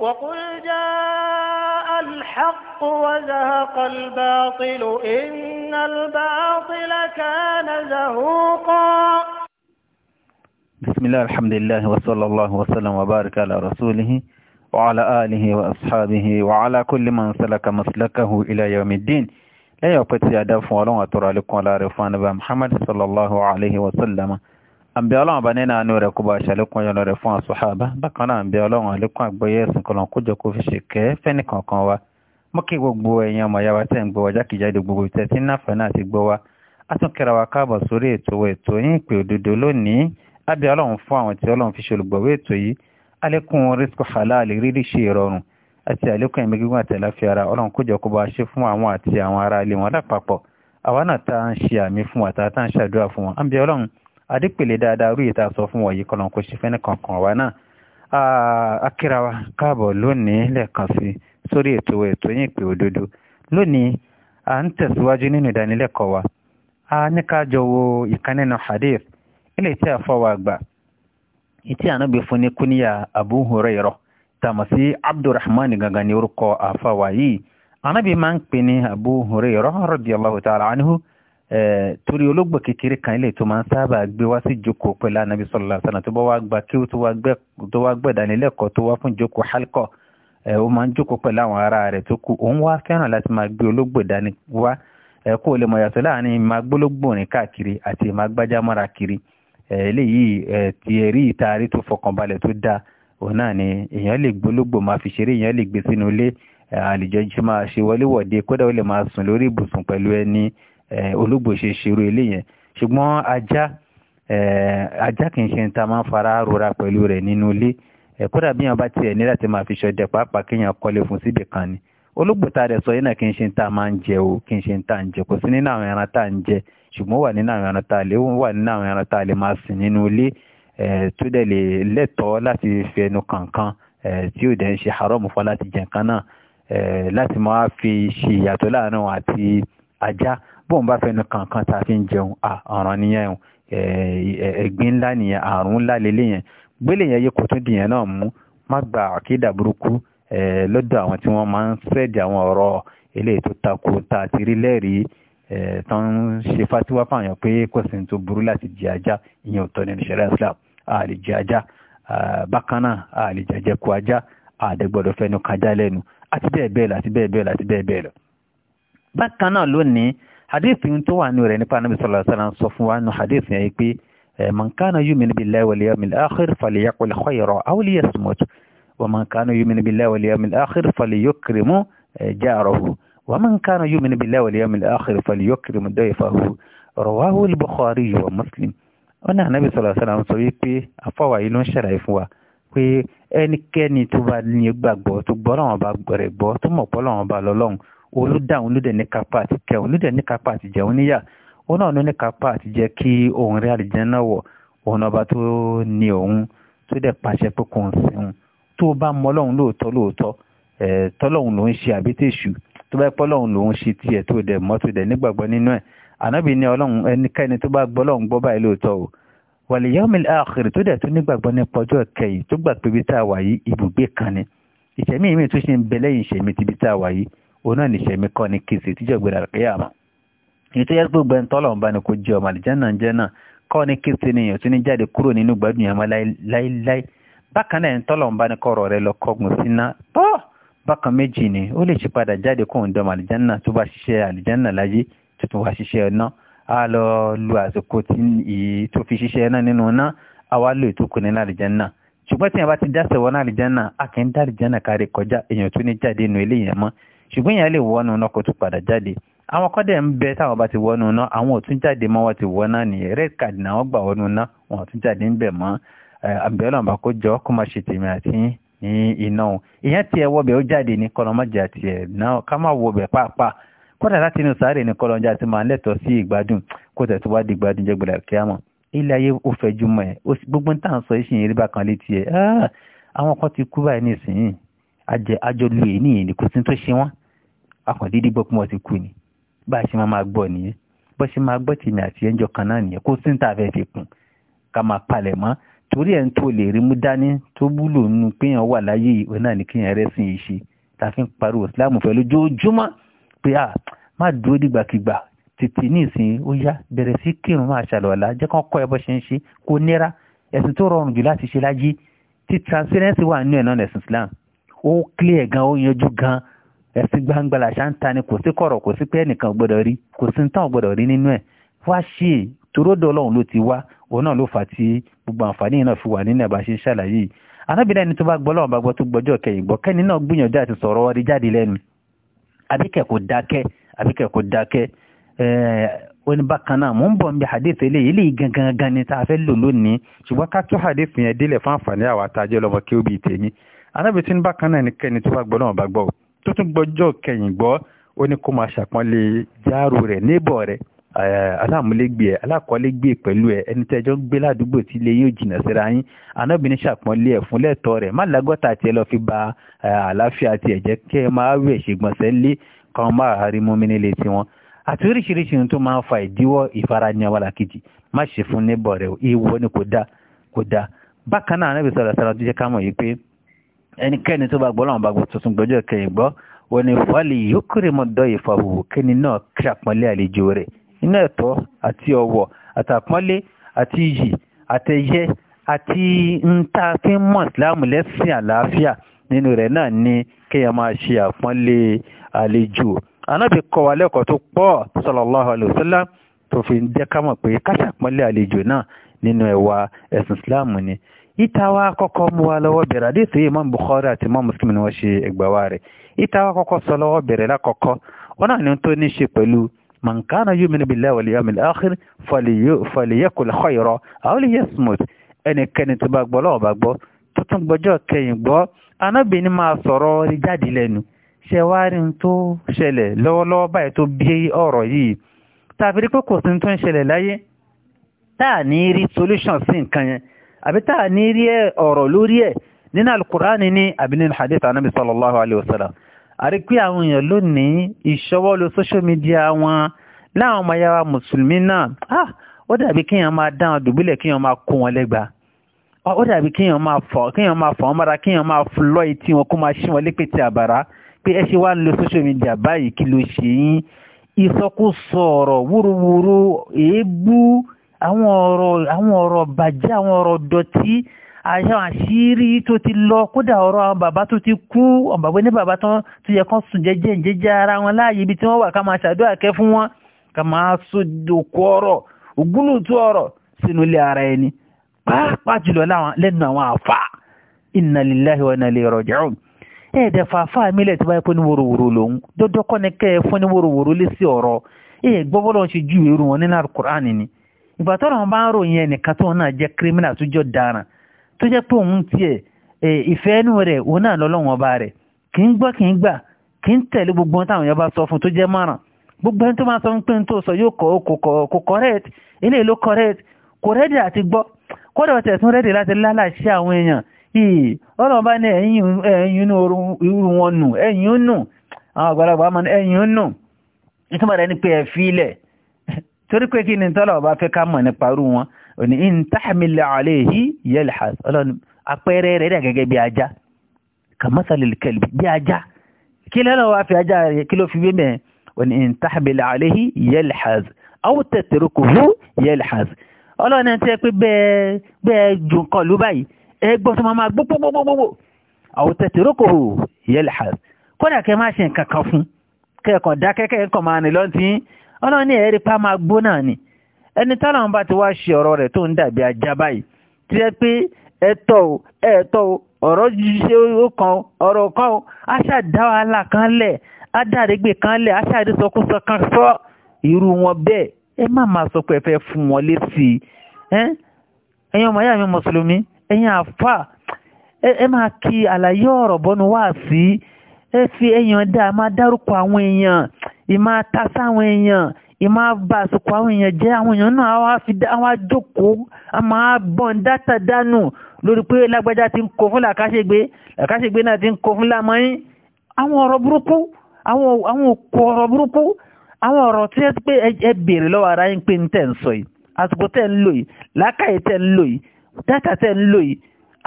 وقل جاء الحق وزهق الباطل إن الباطل كان زهوقا بسم الله الحمد لله وصلى الله وسلم وبارك على رسوله وعلى آله وأصحابه وعلى كل من سلك مسلكه إلى يوم الدين لا يوقف سيادة فوالون أترى لكم على رفان محمد صلى الله عليه وسلم àǹbí ọlọ́run bá nínú àánú rẹ̀ kó bá ṣàlékún yọ̀nà rẹ̀ fún àṣùhábà bákan náà àǹbí ọlọ́run àlékún àgbọ́yé ẹ̀sìn kan kó jọ kó fi ṣèkẹ́ fẹ́nì kankan wa mọ́ kí gbogbo ẹ̀yin ọmọ yàwá tẹ̀ ń gbọ́ wa jákèjádé gbogbo ìtẹ́ tí náfẹ́ náà ti gbọ́ wa a tún kẹ́ra wa káàbọ̀ sórí ètò ètò yín ìpè òdodo lónìí àbí ọlọ́run fún àwọn tí ọlọ́run fi ṣe ìrọ̀rùn adépèlé dáadáa orí ìta sọ fún wọ̀nyí kọ́lọ́n kò ṣe fẹ́ni kankan wa náà akíra wa káàbọ̀ lónìí lẹ́ẹ̀kan sí sórí ètò ètò yín ìpè òdodo lónìí à ń tẹ̀síwájú nínú ìdánilẹ́kọ̀ọ́ wa a ní ká jọ wo ìkan hadith ilé tí a fọwọ́ àgbà ìtí ànábì fún ní kúníyà Abu Hurairah tàmọ̀ sí Abdurrahman gangan ní orúkọ àfàwà yìí ànábì máa ń pè ní Abu Hurairah radiyallahu ta'ala anhu torí olóògbé kékeré kan ilé tó máa ń sábà gbé wá sí jókòó pẹ̀lú anabi sallallahu alaihi wasallam tó bá wá gba kí ó tó wá gbẹ̀dánilẹ́kọ̀ọ́ tó wá fún jókòó halkọ̀ ó máa ń jókòó pẹ̀lú àwọn ará rẹ̀ tó kù òun wá fẹ́ràn láti máa gbé olóògbé dání wá kó lè mọ̀ yàtọ̀ láàrin máa gbólógbòrin káàkiri àti máa gbájámọ́ra kiri eléyìí ti ẹ̀rí ìtaari tó fọkànbalẹ̀ tó dáa òun náà ni èèyàn lè gbólógbò máa fi ṣeré èèyàn lè gbé sínú ilé àlejò Eh, ológbò ṣe ṣerú eléyẹn ṣùgbọ́n ajá eh, ajá kì í ṣe ń ta máa ń fara rora pẹ̀lú rẹ̀ nínú ilé eh, kódà bí yàn bá tiẹ̀ ní láti máa fi ṣọdẹ pàápàá kéèyàn kọ́lé fún síbì kan ni ológbò tá a rẹ̀ sọ yìí náà kì í ṣe ń ta máa ń jẹ o kì í ṣe ń ta ń jẹ kò sí nínú àwọn ẹran tá à ń jẹ ṣùgbọ́n wà nínú àwọn ẹran tá a lè wà nínú àwọn ẹran tá a lè máa sìn nínú ilé tó dẹ̀ lè lẹ́tọ̀ọ́ láti fi ẹnu kankan tí ò dẹ̀ ń ṣe haram fún láti jẹ náà láti máa fi ṣe ìyàtọ̀ láàárín àti ajá bóun bá fẹnu kankan tá a fi ń jẹun ọ̀ràn nìyẹn ẹ̀gbin ńlá nìyẹn àrùn ńlá lélẹ̀ yẹn gbélé yẹn yẹ kó tún dìyẹn náà mú má gba àkídà burúkú lọ́dọ̀ àwọn tí wọ́n máa ń sẹ́ẹ̀dì àwọn ọ̀rọ̀ eléyìí tó takò tá a ti rí lẹ́rìí tó ń ṣe fatiwa fáwọn pé kò sí tó burú láti jẹ ajá ìyẹn ò tọ́ nínú ṣẹlẹ̀ Islam àlè jẹ ajá bákan náà àlè jẹjẹ kó ajá àdẹ́gbọ́dọ̀ fẹ́nu kájá lẹ́nu àti bẹ́ẹ̀ bẹ́ẹ̀ lọ àti bẹ́ẹ̀ bẹ́ẹ̀ lọ àti bẹ́ẹ̀ bẹ́ẹ̀ lọ bákan náà lónìí hadithi tó wà ní rẹ̀ nípa anábì sallallahu alaihi wasallam sọ fún wa nù hadithi yẹn pé man kana yu'minu billahi wal yawmil akhir falyaqul khayran aw liyasmut wa man kana yu'minu billahi wal yawmil akhir falyukrim e, jarahu wa man kana yu'minu billahi wal yawmil akhir falyukrim dayfahu rawahu al-bukhari wa muslim ọ̀nà anábì sallallahu alaihi wasallam sọ wípé afọ́wà yìí ló ń ṣàlàyé fún wa pé ẹnikẹ́ni tó bá ní tó gbọ́ lọ́wọ́ bá gbọ́ tó mọ̀ pọ́ lọ́wọ́ bá olódà òun ló dẹ̀ ní kápá àti kẹ òun ló dẹ̀ ní kápá àti jẹun níyà òun náà ló ní kápá àti jẹ kí òun rí àlìjẹ́nà wọ̀ òun ọba tó ní òun tó dẹ̀ pàṣẹ pé kò ń sìn tó bá mọ ọlọ́run lóòótọ́ lóòótọ́ tọ́lọ́run ló ń ṣe àbí tèṣù tó bá pọ́ lọ́run ló ń ṣe tiẹ̀ tó dẹ̀ mọ́ tó dẹ̀ nígbàgbọ́ nínú ẹ̀ ànábì ní ọlọ́run ẹnikẹ́ni tó bá gbọ́ lọ́run gbọ́ báyìí lóòótọ́ o wàlẹ̀ yawmil akhir tó dẹ̀ tó nígbàgbọ́ nípa ọjọ́ kẹyìn tó gbà pé ibi tá a wà yìí ibùgbé kan ni ìṣẹ̀mí mi tó ṣe ń bẹ lẹ́yìn ìṣẹ̀mí ti ibi tá a wà yìí òun náà nìṣẹ́ mi kọ́ ni kìsì tíjọ́ gbéra rẹ̀ kéyàmà èyí tó yẹ pé gbogbo ẹni tọ́lọ̀ ń bá ní kó jẹ́ ọmọ àlìjẹ́ náà jẹ́ náà kọ́ ni kìsì ni èèyàn tún ní jáde kúrò nínú gbádùn yẹn mọ́ láíláí bákan náà ẹni tọ́lọ̀ ń bá ní kọ́rọ̀ rẹ̀ lọ kọ́gùn síná tọ́ bákan méjì ni ó lè ṣe padà jáde kóhun dọ́mọ àlìjẹ́ náà tó bá ṣiṣẹ́ àlìjẹ́ náà láyé tó tún wá ṣiṣẹ́ náà a lọ lu àsìkò tí yìí tó fi ṣiṣẹ́ náà nínú náà a wá lo ìtókù ní àlìjánná ṣùgbọ́n tí yẹn bá ti jáṣẹ̀ wọ́n àlìjánná a kì í dá àlìjánná kárí kọjá èèyàn tó ní jáde nù eléyìí mọ́ ṣùgbọ́n èèyàn lè wọnú náà kó tún padà jáde àwọn kọ́dẹ̀ ń bẹ táwọn bá ti wọnú náà àwọn ò tún jáde mọ́ wọ́n ti wọ́n náà nìyẹn red card náà wọ́n gbà wọnú náà wọ́n ò tún jáde ń bẹ̀ mọ́ àbẹ̀wọ́n bá kó jọ kó má ṣe tèmi àti ní iná o èèyàn tiẹ̀ wọbẹ̀ ó jáde ní kọ́nọ́mọ́jà tiẹ̀ náà ká má wọbẹ̀ pàápàá kọ́dà láti inú sáré ní kọ́lọ́njà ti máa lẹ́tọ̀ọ́ sí ìgbádùn kó tẹ̀ tó wá di ìgbádùn jẹ́ gbọ́dọ̀ kí á mọ̀ ilé ayé ó fẹjú mọ́ ẹ̀ gbogbo ń tà sọ ìṣìyẹn rí bákan létí ẹ̀ àwọn kan ti kú báyìí nísìnyí àjọlù èyí nìyẹn ni kò sí tó ṣe wọ́n akọ̀ndídí gbọ́ pé wọ́n ti kú ni bá a ṣe máa máa gbọ́ nìyẹn bó ṣe máa gbọ́ tèmi àti ẹ̀ńjọ kan náà nìyẹn kó sí ní tàfẹ́ fi kùn ká máa palẹ̀ mọ́ torí ẹ̀ ń tó lè rí mú dání tó wúlò nínú péyàn wà láyé ìwé náà ní kéèyàn rẹ́ sìn yìí ṣe tàfi ń pariwo ìsìláàmù fẹ́ pé à má dúró dìgbàkigbà tètè ní ìsìn ó yá bẹ̀rẹ̀ sí kírun máa ṣàlọ́ọ̀lá jẹ́ kán kọ́ ẹ bó ṣe ń ṣe kó nira ẹ̀sìn tó rọrùn jù láti ṣe láyé tí transparency wà nínú ẹ̀ náà ẹ̀sìn islam ó clear gan ó yanjú gan ẹ̀sìn gbangba làṣà ń ta ni kò sí kọ̀rọ̀ kò sí pé ẹnìkan gbọ́dọ̀ rí kò sí ń tán gbọ́dọ̀ rí nínú ẹ̀ wá ṣe é toródò ọlọ́run ló ti wá òun náà ló fà á tí gbogbo àǹfààní yìí náà fi wà nínú ẹ̀bá ṣe ń ṣàlàyé yìí arábìnrin ẹni tó bá gbọ́ lọ́wọ́ bá gbọ́ tó gbọ́jọ́ kẹyìn gbọ́ kẹ́ni náà gbìyànjú àti sọ̀rọ̀ rí jáde lẹ́nu àbíkẹ́ kò dákẹ́ àbíkẹ́ kò dákẹ́ oní bákan náà mò ń bọ̀ níbi hadith eléyìí eléyìí gangan gan ni tá a fẹ́ lò lónìí ṣùgbọ́n ká tó hadith yẹn délẹ̀ fún àǹfààní àwọn àtàjẹ́ lọ́mọ kí ó bí tèmi anábì tí ń bá kan náà nìkẹ́ni tó bá gbọ́ náà bá gbọ́ tó tún gbọ́jọ́ kẹyìn gbọ́ ó ní kó máa ṣàpọ́nlé járò rẹ̀ níbọ̀ rẹ̀ eh, aláàmúlégbè ẹ̀ alákọ̀ọ́légbè pẹ̀lú ẹ̀ ẹni tẹ́jọ́ ń gbé ládùúgbò tí ilé yóò jìnà síra yín anábì ní ṣàpọ́nlé ẹ̀ fún lẹ́tọ̀ọ́ rẹ̀ má lágọ́ta tiẹ̀ lọ fi ba eh, àlàáfíà tiẹ̀ jẹ́ kí ẹ máa wẹ̀ ṣègbọ̀nsẹ̀ lé kan máa rí mú mi nílé tiwọn àti oríṣiríṣi ohun tó máa ń fa ìdíwọ́ ìfarahàn wàlàkejì má ṣe fún níbọ̀ rẹ̀ ìwọ ni kò dáa kò dáa bákan náà anábì ẹnikẹ́ni tó bá gbọ́ lọ́wọ́n bá gbọ́ tuntun gbọ́jọ́ kẹ́yìn gbọ́ wọ́n ní fọ́ọ̀lì yóò kéré mọ́ dọ́ ìfàhù kẹ́ni náà kí àpọ́nlé àlejò rẹ̀ nínú ẹ̀tọ́ àti ọ̀wọ̀ àtàpọ́nlé àti iyì àtẹ̀yẹ àti nta fi mọ̀ síláàmù lẹ́sìn àlàáfíà nínú rẹ̀ náà ni kéèyàn máa ṣe àpọ́nlé àlejò anábì kọ́ wa lẹ́kọ̀ọ́ tó pọ̀ sallallahu alaihi wasallam tó fi ń jẹ́ ká mọ̀ pé ká ṣàpọ́nlé àlejò náà nínú ẹ̀wà ẹ̀sìn síláàmù ni ìtawà kọ́kọ́ mú wa lọ́wọ́ bẹ̀rẹ̀ àdéhùn Imam Bukhari àti Imam Muslim ni wọ́n ṣe ẹgbàwá rẹ̀ ìtawà kọ́kọ́ sọ lọ́wọ́ bẹ̀rẹ̀ lákọ́kọ́ wọn náà ni tó ní ṣe pẹ̀lú man kana yu'minu billahi wal yawmil akhir falyakul khayran aw liyasmut ẹnikẹ́ni tó bá gbọ́ lọ́wọ́ bá gbọ́ tó tún gbọ́jọ́ kẹyìn gbọ́ anábìíní máa sọ̀rọ̀ rí jáde lẹ́nu ṣe wá rí n tó ṣẹlẹ̀ lọ́wọ́lọ́wọ́ báyìí tó bí ọ̀rọ̀ yìí tàbí rí pé kò sí tó ń ṣẹlẹ̀ láyé táà ní rí solution sí nǹkan yẹn àbí tá a ní rí ẹ ọ̀rọ̀ lórí ẹ̀ nínú alukur'ani ní àbí nínú hadith anabi sallallahu alayhi wa sallam àrí pé àwọn èèyàn lónìí ìṣọwọ́ lo social media wọn láwọn ọmọ yàrá mùsùlùmí náà ah, ó dàbí kéèyàn máa dá wọn dùbúlẹ̀ kéèyàn máa kó wọn lẹ́gba ah, ó dàbí kéèyàn máa fọ̀ kéèyàn máa fọ̀ wọn mọ́ra kéèyàn máa lọ etí wọn kó máa ṣí wọn lépè tí àbàrá pé ẹ ṣe lo social media báyìí kí ló ṣe yín ìsọkúsọ ọ̀rọ̀ wúruwúru èébú àwọn ọ̀rọ̀ àwọn ọ̀rọ̀ bàjẹ́ àwọn ọ̀rọ̀ dọ̀tí àwọn àṣírí tó ti lọ kódà ọ̀rọ̀ àwọn bàbá tó ti kú ọ̀bàgbé ní bàbá tán tó yẹ kán sùn jẹ́jẹ́ ìjẹ́jẹ́ ara wọn láàyè ibi tí wọ́n wà ká máa ṣàdúrà kẹ́ fún wọn ká máa sódòkú ọ̀rọ̀ ògúnlùtú ọ̀rọ̀ sínú ilé ara ẹni pàápàá jùlọ lẹ́nu àwọn àfà inna lillahi wa inna ilayhi raji'un ẹ̀ẹ́dẹ̀ fàáfà mílẹ̀ tí wáyé pé ní wòròwòrò lòun ni kẹ́ ẹ fún ní wòròwòrò lé sí ọ̀rọ̀ ẹ̀ẹ́ ìgbà tó ọ̀rọ̀ bá ń ròyìn ẹnìkan tó náà jẹ́ kírímìnà tó jọ dáràn tó jẹ́ pé òun tiẹ̀ ìfẹ́ inú rẹ̀ òun náà lọ́lọ́wọ́n ọba rẹ kì gbọ́ kì gbà kì gbogbo táwọn èèyàn bá sọ fún tó jẹ márùn gbogbo ẹni tó máa sọ pé n tó sọ yóò kò correct eléyìí ló correct kò rẹ́dì àti gbọ́ kódà ọ̀tẹ̀ tún torí pé kí ni tọ́lọ̀ ọba fẹ́ ká mọ̀ nípa irú wọn òní in tahmil alayhi yalhas ọlọ́run apẹ́rẹ́ rẹ̀ dà gẹ́gẹ́ bí ajá kamasalil kalbi bí ajá kí lọ́lọ́ wa fi ajá rẹ̀ kí ló fi wé mẹ́ẹ̀ òní in tahmil alayhi yalhas aw tatrukuhu yalhas ọlọ́run tẹ́ pé bẹ́ẹ̀ bẹ́ẹ̀ jù kọ́ ló báyìí ẹ tó máa gbogbogbogbogbò ọlọ́run ní ẹ̀rí pa máa gbóná ni ẹni tọ́lọ́run bá ti wá ṣe ọ̀rọ̀ rẹ̀ tó ń dàbí ajá báyìí tí ẹ pé ẹ̀tọ́ o ọ̀rọ̀ ṣe ó kan ọ̀rọ̀ kan o wàhálà kan lẹ̀ adárégbè kan lẹ̀ kan sọ irú wọn bẹ́ẹ̀ ẹ má fún wọn létí ọmọ mi mùsùlùmí àfà ẹ máa kí àlàyé ọ̀rọ̀ bọ́nu wá sí ẹ fi dá máa dárúkọ àwọn èèyàn ìmá ta sáwọn èèyàn ìmá bá àsìkò àwọn èèyàn jẹ́ àwọn èèyàn náà wá fi wá jókòó a máa bọ̀n dátà dánù lórí pé lágbájá ti ń kó fún làkàṣègbè làkàṣègbè náà ti ń kó fún lámọ́yìn àwọn ọ̀rọ̀ burúkú àwọn òkú ọ̀rọ̀ burúkú àwọn ọ̀rọ̀ tí ẹ pé ẹ béèrè lọ́wọ́ ara yín pé ń tẹ̀ ń sọ yìí àsìkò tẹ̀ ń lò yìí làákàyè tẹ̀ ń lò yìí dátà tẹ̀ ń lò yìí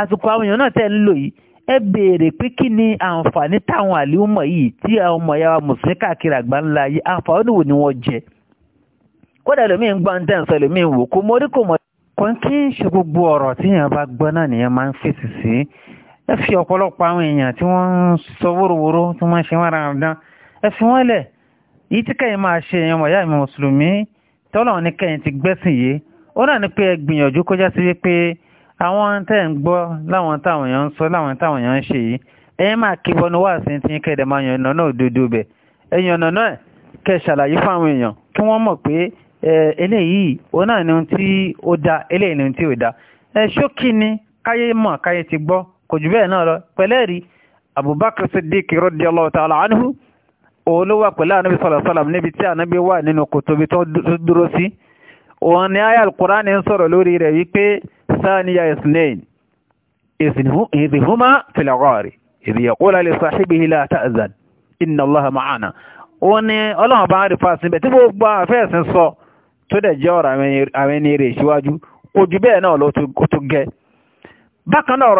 àsìkò àwọn èèyàn náà tẹ̀ ń lò yìí ẹ béèrè pé kí ni àǹfààní táwọn àlímọ̀ yìí tí àwọn ọmọ ìyá wa mùsùlùmí káàkiri àgbáńlá yìí àǹfààní wo ni wọ́n jẹ kódà lómiì ń gbọ́ ń dẹ́n sọ lómiì wò kó mórí kò mọ̀. kò ń kí ṣe gbogbo ọ̀rọ̀ tí èèyàn bá gbọ́ náà nìyẹn máa ń fèsì sí ẹ fi ọ̀pọ̀lọpọ̀ àwọn èèyàn tí wọ́n ń sọ wóróworó tí wọ́n ṣe wọ́n ra ọ̀dán ẹ fi wọ́n àwọn tẹ́ ń gbọ́ láwọn táwọn èèyàn ń sọ láwọn táwọn èèyàn ń ṣe yìí ẹ̀yin máa kí wọnú wá sí ti kẹ́dẹ̀ máa yan ọ̀nà náà dodo bẹ̀ ẹ̀yin ọ̀nà náà kẹ́ ṣàlàyé fáwọn èèyàn kí wọ́n mọ̀ pé eléyìí òun náà ni ohun tí ó da eléyìí ni ohun tí ò da ẹ ṣókí ni káyé mọ̀ káyé ti gbọ́ kò jù bẹ́ẹ̀ náà lọ pẹ̀lẹ́rì Abubakar Siddiq radiyallahu ta'ala anhu òun ló wà pẹ̀lú Ànábì sallallahu alaihi wasallam níbi tí Ànábì wà nínú kòtò bí tó dúró sí òun ni ayà alkùránì ń sọ̀rọ̀ lórí rẹ̀ wípé sáàníyà isnain ìzìhúmá filagọ́rì ìdíyàkúlà lè sàṣíbí ilá ta'zan inna allaha ma'ana òun ni ọlọ́run bá ń rí fásitì bẹ̀ tí gbogbo àfẹ́ẹ̀sìn sọ tó dẹ̀ jẹ́ ọ̀rọ̀ àwọn ẹni rẹ̀ síwájú kò jù bẹ́ẹ̀ náà ló tó gẹ bákan náà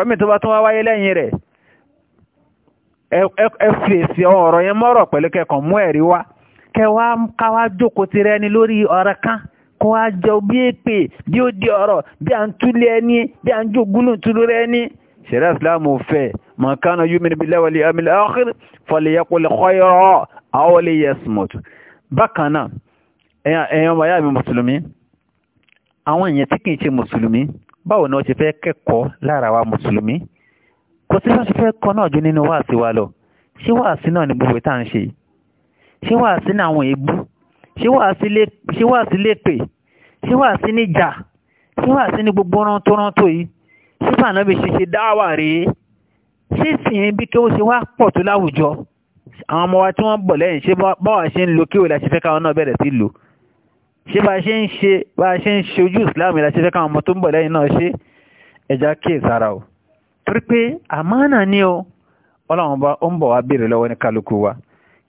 yẹn mọ́rọ̀ pẹ̀lú kẹkàn mú ẹ̀rí wá kẹwàá káwá jókòó ti rẹ́ni lórí ọ̀rọ̀ kan kún á jọ bí èpè bí ó di ọ̀rọ̀ bí à ń túlẹ̀ ẹni bí à ń jògúnù túlú rẹ ní ṣẹ̀rẹ́ islam fẹ́ man kana yu'minu billahi wal yawmil akhir falyaqul khayran aw liyasmut bákan náà ẹ̀yàn wáyà mi mùsùlùmí àwọn èèyàn tí kìí ṣe mùsùlùmí báwo ni wọ́n ṣe fẹ́ kẹ́kọ̀ọ́ lára wa mùsùlùmí kò sí wọ́n ṣe fẹ́ kọ́ náà ju nínú wáàsí wa lọ ṣé wáàsí náà ni gbogbo ìta ń ṣe ṣé wáàsí náà àwọn èébú ṣé wàá sí lépè ṣé wàá sí níjà ṣé wàá sí ní gbogbo rántó rántó yìí ṣé fànàbí ṣe ṣe dáwà rèé ṣé ìsìn bí kí ó ṣe wá pọ̀ tó láwùjọ àwọn ọmọ wa tí wọ́n bọ̀ lẹ́yìn ṣé báwa ṣe ń lo kí òun la ṣe fẹ́ káwọn náà bẹ̀rẹ̀ sí lò ṣé bá ṣe ń ṣe bá ṣe ń ṣe ojú ìsìláàmù la ṣe káwọn ọmọ tó ń bọ̀ lẹ́yìn náà ṣe ẹja kíyèsára o torí pé àmánà ni o ọlọ́run bá ó ń bọ̀ wá béèrè lọ́wọ́ ní kálukú wa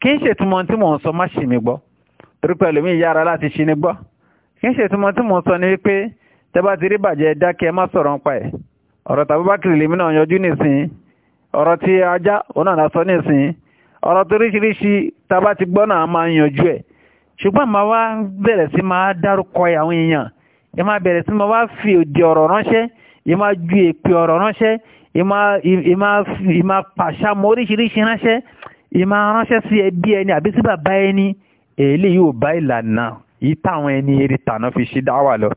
kí n ṣètumọ̀ tí mò ń sọ má ṣì mí gbọ́ torí pẹ̀lú mi yára láti ṣi ní gbọ́ kí n ṣe tí mo tí mo sọ ni wípé tẹ́bá ti rí bàjẹ́ dákẹ́ ẹ má sọ̀rọ̀ nípa ẹ̀ ọ̀rọ̀ tàbúbákìrì lèmi náà yanjú nìsín ọ̀rọ̀ ti ajá òun náà sọ nìsín ọ̀rọ̀ toríṣiríṣi tàbá ti gbọ́ náà máa ń yanjú ẹ̀ ṣùgbọ́n màá wá bẹ̀rẹ̀ sí máa dárúkọ àwọn èèyàn ẹ máa bẹ̀rẹ̀ sí máa wá fi òde ọ̀rọ̀ ránṣẹ́ ẹ máa ju èpè ọ̀rọ̀ ránṣẹ́ ẹ máa pàṣà mọ́ oríṣiríṣi ránṣẹ́ ẹ máa ránṣẹ́ sí ẹbí ẹni àbí sí bàbá ẹni eléyìí ò bá ìlànà yìí táwọn ẹni eré tàná fi ṣe dáwà lọ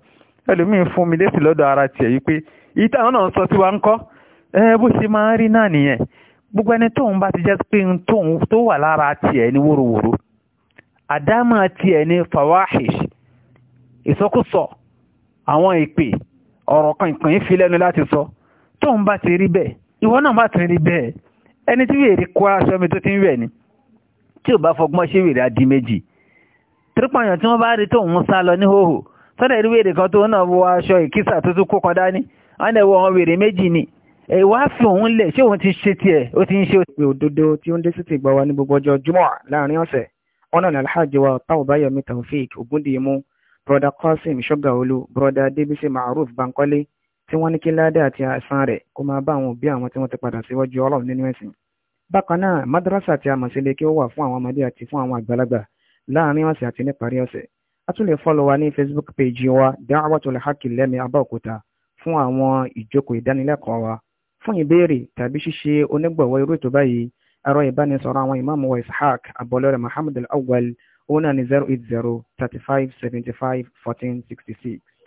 ẹlòmíín fún mi lẹ́sìn lọ́dọ̀ ara tiẹ̀ yìí pé yìí táwọn náà ń sọ sí wa ń kọ́ ẹ bó ṣe máa ń rí náà nìyẹn gbogbo ẹni tóun bá ti jẹ́ pé tóun tó wà lára tiẹ̀ ní wóróworó àdámà tiẹ̀ ní fawahish ìsọkúsọ àwọn ìpè ọ̀rọ̀ kan ìpín fi lẹ́nu láti sọ tóun bá ti rí bẹ́ẹ̀ ìwọ náà bá ti rí bẹ́ẹ̀ ẹni tí wèrè kó aṣọ mi tó ti ń wẹ̀ ni tí ò bá fọgbọ́n ṣe wèrè á di méjì tírípàyàn tí wọ́n bá rí tóun sá lọ ní hòhò sọ́dọ̀ ìrí wèrè kan tó náà wọ aṣọ ìkísà tó tún kó kan dání wọ́n dẹ̀ wọ wèrè méjì ni ẹ̀wá fi òun lẹ̀ ṣé òun ti ṣe tiẹ̀ ó ti ń ṣe òdodo tí ó ń dé sí ti gbà wá ní gbogbo ọjọ́ jùmọ̀ láàrin ọ̀sẹ̀ ọ̀nà ní alhaji wa Táwọ̀báyọ̀mí Taofik Ògúndìyẹmú broda Qasim Ṣọ́gàolú broda Débísí Maruf Bankole tí wọ́n ní kí ládé àti àìsàn rẹ̀ kó máa bá àwọn òbí àwọn tí wọ́n ti padà síwájú Ọlọ́run nínú ẹ̀sìn bákan náà madrasa àti àmọ̀sílẹ̀ kí ó wà fún àwọn ọmọdé àti fún àwọn àgbàlagbà láàrin ọ̀sẹ̀ àti níparí ọ̀sẹ̀ a tún lè fọ́lọ̀ wa ní facebook page wa Da'watul Haqq lẹ́mí abẹ́òkúta fún àwọn ìjókòó ìdánilẹ́kọ̀ọ́ wa fún ìbéèrè tàbí ṣíṣe onígbọ̀wọ́ irú ètò báyìí ẹ̀rọ ìbánisọ̀rọ̀ àwọn ìmáàmù wa ishaq abọ́lọ́rẹ̀ muhammed al-awwal òun náà ní zero eight zero thirty five seventy five fourteen sixty six.